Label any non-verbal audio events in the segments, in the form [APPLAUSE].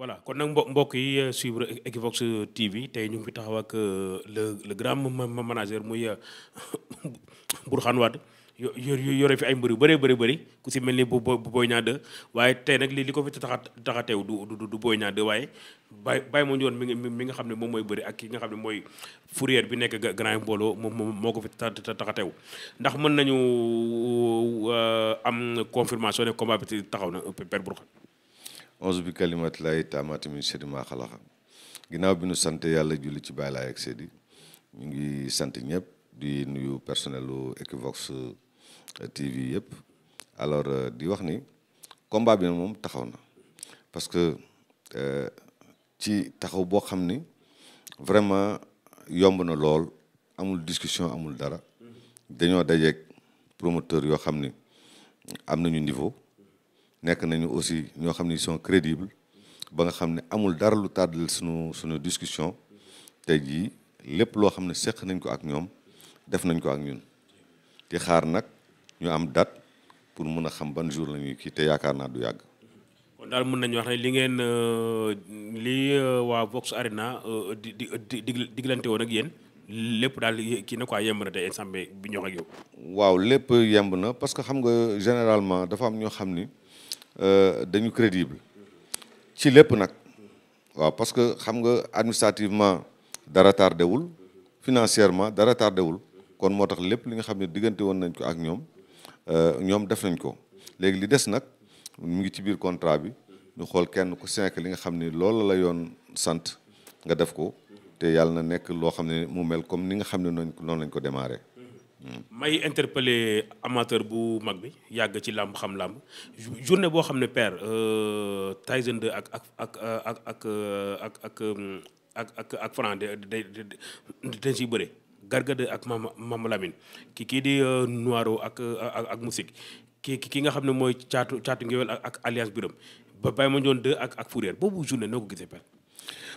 voilà kon nag mbo mbokk yi euh, suivre e-, Equivox euh, TV tey ñu ngi fi taxaw ak euh, le le grand manager muy [LAUGHS] Bourkhane Wade yore fi ay mbër yu bëree bëri bëri ku si mel ni bu Boy Niang 2 waaye tey nag li li ko fi taxa taxa teew du du Boy Niang 2 waaye bay bàyyi moo ñëwoon mi ngi mi nga xam ne moom mooy bëri ak ki nga xam ne mooy fourrière bi nekk grand mbooloo moom moo ko fi taxa teew ndax mën nañu am confirmation ne combat taxaw na Père Bourkhane onze bi kalimat lay taamaati min sharri maa xalaqa ginnaaw bi nu sant yàlla julli ci Baay Laay ak Seydi ñu ngi sant ñëpp di nuyu personnel u Equivox TV yëpp alors euh, di wax ni combat bi moom taxaw na parce que euh, ci taxaw boo xam ni vraiment yomb na lool amul discussion amul dara dañoo dajeeg promoteur yoo xam ni am nañu niveau nekk nañu aussi ñoo xam ne ils sont crédibles ba nga xam ne amul dara lu tàddal suñu sunu discussion tey jii lépp loo xam ne seq nañ ko ak ñoom def nañ ko ak ñun di xaar nag ñu am date pour mun a xam ban jour la ñuy kii te yaakaar naa du yàgg. kon daal mën nañu wax ne li ngeen euh, li euh, waa Vox Arena euh, di di di diglante woon ak yéen lépp daal kii na quoi yemb na tey ensemble bi ñoo ak yow. waaw lépp yemb na parce que xam nga généralement dafa am ñoo xam ni. Euh, dañu crédible ci lépp nag waaw parce que xam nga administrativement dara tardewul financièrement dara tardewul kon moo tax lépp li nga xam ne diggante woon nañ ko ak ñoom euh, ñoom def nañ ko léegi li des nag mu ngi ci biir contrat bi ñu xool kenn ku cinq li nga xam ni loolu la yoon sant nga def ko te yàlla na nekk loo xam ne mu mel comme ni nga xam ne noon lañ ko démarré may interpeller amateur bu mag bi yàgg ci làmb xam làmb journée boo xam ne père euh, Tyson 2 ak ak ak ak ak ak ak ak ak ak Franc de dañ siy bëre Garga 2 ak Mama Mama Lamine ki kii di euh, Noiro ak ak ak musique ki ki nga xam ne mooy caatu caatu ngewel ak ak alliance biram ba Baye Mandione 2 ak ak Fourier boobu journée noo ko gisee père.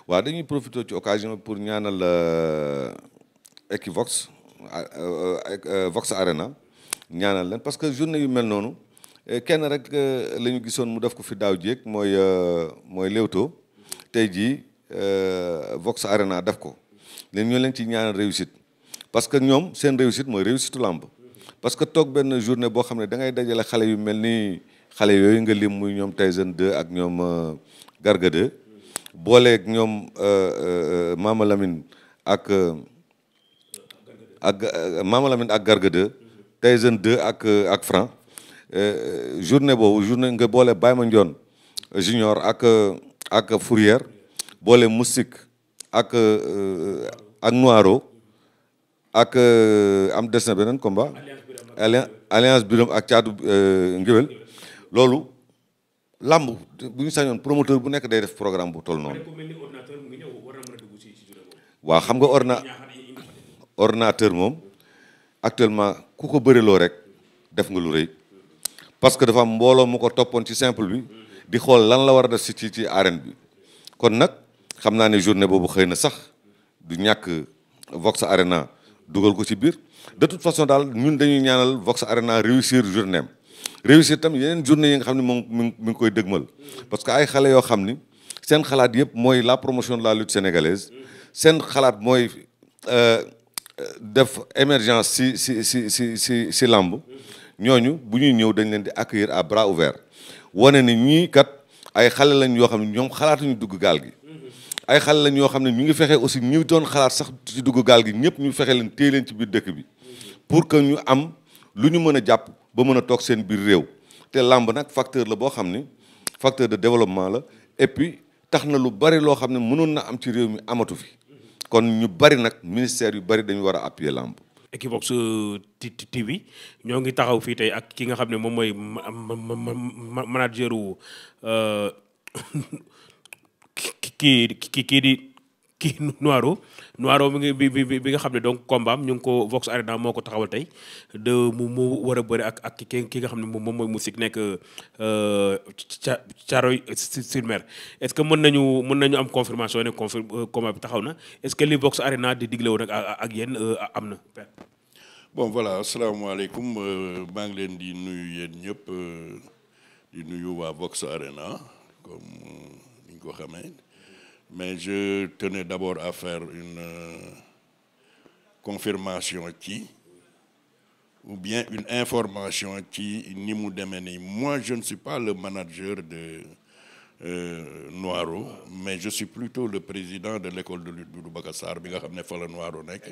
waaw dañuy profité ci occasion pour ñaanal euh, Equivox. ak euh, Vox Arena ñaanal leen parce que journée yu mel noonu euh, kenn rek euh, la ñu gisoon mu def ko fi daaw jéeg mooy mooy Leewtoo tey jii Vox Arena def ko leen ñoo leen ci ñaanal réussite parce que ñoom seen réussite mooy réussite làmb parce que toog benn journée boo xam ne da ngay dajale xale yu mel ni xale yooyu nga lim muy ñoom Tyson 2 ak ñoom Garga 2 booleeg ñoom Mama Lamine ak. ak euh, Maama Lamine ak Garga 2 Tyson 2 ak euh, ak Franc euh, journée boobu journée nga boole Baye Mandione junior ak ak Fourière boole Moustique ak ak Noiro ak am des na beneen combat alliance biram ak caadu ngéwél loolu làmb bu ñu sañoon promoteur bu nekk day def programme bu toll noonu waaw xam nga orna ordinateur moom actuellement ku ko bëriloo rek def nga lu rëy parce que dafa am mbooloo mu ko toppoon ci simple bi di xool lan la war a def si ci ci arène bi kon nag xam naa ne journée boobu xëy na sax du ñàkk Vox Arena dugal ko ci biir de toute façon daal ñun dañuy ñaanal Vox Arena réussir journée am réussir tam yeneen journée yi nga xam ne moom mi ngi koy dëgmal parce que ay xale yoo xam ni seen xalaat yëpp mooy la promotion de la lutte sénégalaise seen xalaat mooy euh, def émergence si si si si si si làmb ñooñu bu ñuy ñëw dañ leen di accueillir à bras ouverts wane ni ñii kat ay xale lañ yoo xam ne ñoom xalaatuñu dugg gaal gi. ay xale lañ yoo xam ne ñu ngi fexe aussi ñu doon xalaat sax ci dugg gaal gi ñëpp ñu fexe leen téye leen ci biir dëkk bi pour que ñu am lu ñu mën a jàpp ba mën a toog seen biir réew te làmb nag facteur la boo xam ni facteur de développement la et puis tax na lu bari loo xam ne mënoon na am ci réew mi amatu fi. kon ñu bari nag ministère yu bari dañu war a appuyer làmb. Equivox euh, TV ñoo ngi taxaw fii tey ak ki nga xam ne moom mooy manageru euh, [COUGHS] kii kii kii di. kii Noiro [LAUGHS] Noiro mi ngi bi bi nga xam ne donc combat am ñu ngi ko Vox Arena moo ko taxawal tey de mu mu war a bëri ak ak ki ki nga xam ne moom mu musique nekk ca euh, Thiaroye euh, sur Mer est-ce que mën nañu mën nañu am confirmation ne confirme euh, combat bi taxaw na est-ce que li Vox Arena di digle woon ak ak yéen am na. bon voilà asalaamaaleykum maa ngi leen di nuyu yéen ñëpp di nuyu waa Vox Arena comme ni ñu ko xamee. mais je tenais d'abord à faire une euh, confirmation ci ou bien une information ci ni mu demee nii moi je ne suis pas le manager de euh, Noiro mais je suis plutôt le président de l'école de lutte Doudou Bakassar bi nga xam ne fa la Noiro nekk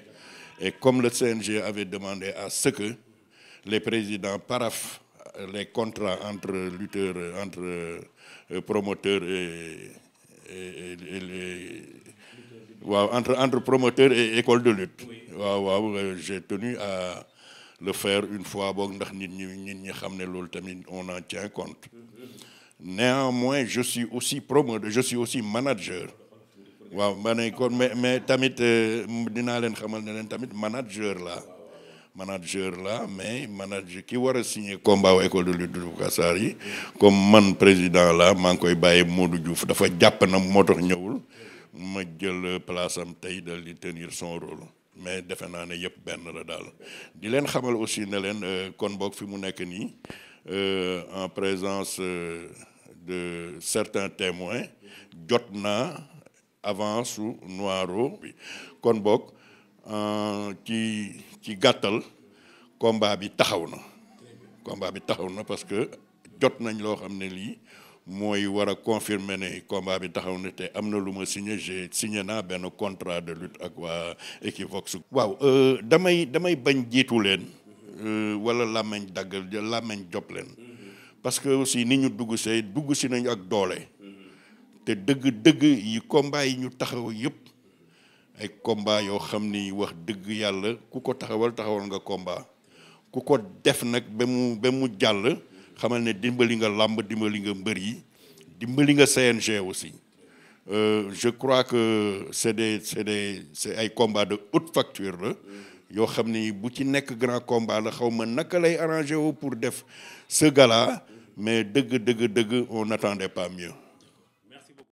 et comme le CNG avait demandé à ce que les présidents paraphent les contrats entre lutteurs entre euh, promoteurs et et, et les waaw entre entre promoteur et école de lutte waaw waaw euh, j'ai tenu à le faire une fois boog ndax nit ñi nit ñi xam ne loolu tamit on en tient compte néanmoins je suis aussi promoteur je suis aussi manager waaw ma ne kon mais mais tamit euh, dinaa leen xamal ne leen tamit manager la manager la mais manager ki war a signé combat wu école de lutte bu Kassar yi comme man président la maa ngi koy bàyyi Modou juuf dafa jàpp na moo tax ñëwul ma jël place am tey dal di tenir son rôle mais defe naa ne yëpp benn la daal di leen xamal aussi ne leen euh, kon boog fi mu nekk nii euh, en présence euh, de certains témoins jot naa avance su noiro bi kon boog ci ci gàttal combat bi taxaw na combat bi taxaw na parce que jot nañ loo xam ne lii mooy war a confirmer ne combat bi taxaw na te am na lu ma signé j'ai signé naa benn contrat de lutte ak waa Equivox. waaw euh, damay damay bañ jiitu leen euh, wala làmmeñ daggal làmmeñ jop leen parce que aussi ni ñu dugg see dugg si nañu ak doole te dëgg-dëgg yi combat yi ñu taxaw yëpp. ay combat yoo xam ni wax dëgg yàlla ku ko taxawal taxawal nga combat ku ko def nag ba mu jàll xamal ne dimbali nga làmb dimbali nga mbër yi dimbali nga CNG aussi euh, je crois que c'est de c'est des ay combat de haute facture la yoo xam ni bu ci nekk grand combat la xaw ma naka lay arrangé wu pour def ce gala mais dëgg dëgg dëgg on n'attendait pas mieux